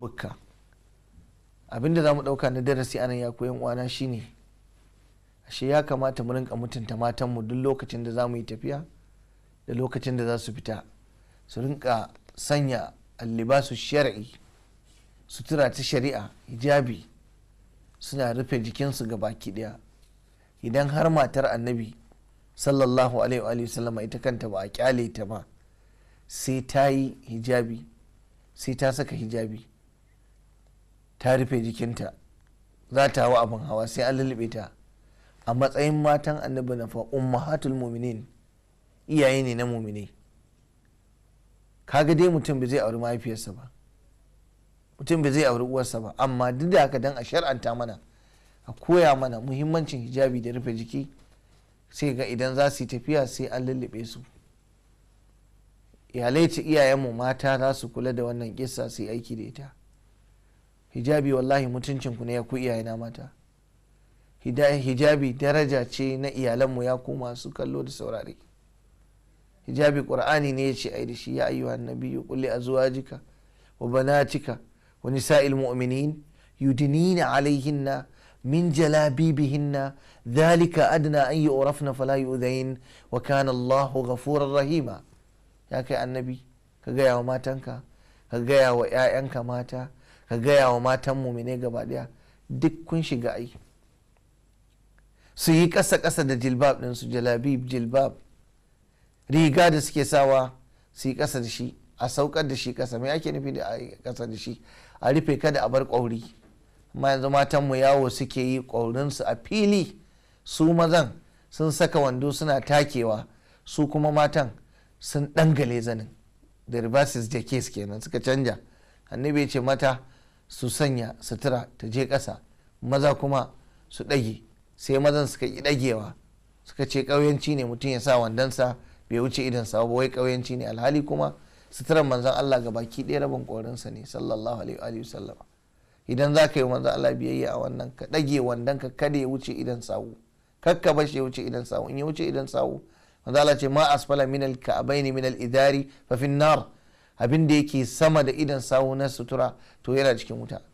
bukka abinda za mu ɗauka na darasi anan ya koyan uwana shine ashe ya kamata mu rinka mutunta matan mu duk lokacin da za mu yi tafiya da lokacin da za su fita su rinka sanya allibasu shari'i sutura ta shari'a hijabi suna rufe jikinsu ga baki daya idan har matar annabi sallallahu alaihi sallama ita kanta ba a kyale ta ba sai ta yi hijabi sai ta saka hijabi ta rufe jikinta za ta hawa abin hawa sai an lullube ta a matsayin matan annabi na fa ummahatul muminin iyaye ne na mumini kaga dai mutum bai zai auri mahaifiyarsa ba mutum bai zai auri uwarsa ba amma duk da haka dan a shar'anta mana a koya mana muhimmancin hijabi da rufe jiki sai ga idan za su yi tafiya sai an lullube su iyalai ce iyayenmu mata za su kula da wannan kissa su aiki da ita hijabi wallahi mutuncinku ne ya ku na mata hijabi daraja ce na iyalanmu ya ku masu kallo da saurare hijabi qur'ani ne ya ce ai da shi ya ayyuha nabiyyu qul li azwajika wa banatika wa nisa'il mu'minin yudinina alaihinna min jalabibihinna dhalika adna an yu'rafna fala yu'dain wa kana Allahu ghafurar rahima ya kai annabi ka gaya wa matanka ka gaya wa 'ya'yanka mata ka gaya wa matan mumine gaba daya duk kun shiga ai su yi ƙasa ƙasa da jilbab su jalabib jilbab riga da suke sawa su yi ƙasa da shi a saukar da shi ƙasa mai ake nufi da ƙasa da shi a rufe kada a bar ƙwauri amma yanzu mu yawo suke yi ƙwaurinsu a fili su mazan sun saka wando suna takewa su kuma matan sun ɗangale zanin da reverses da kes kenan suka canja annabi ya ce mata su sanya sutura ta je ƙasa maza kuma su ɗage sai mazan suka yi ɗagewa suka ce ƙauyenci ne mutum ya sa wandonsa bai wuce idansa ba wai ƙauyenci ne alhali kuma suturan manzan Allah ga baki ɗaya rabin ƙorinsa ne sallallahu alaihi sallam. idan za ka yi manzan Allah biyayya a wannan ka ɗage wandon kada ya wuce idan sawu kakka shi ya wuce idan sawu in ya wuce idan sawu manzan Allah ce ma asfala minal ka'abaini minal idari fa fin nar abin da yake sama da idan sawu na sutura to yana cikin wuta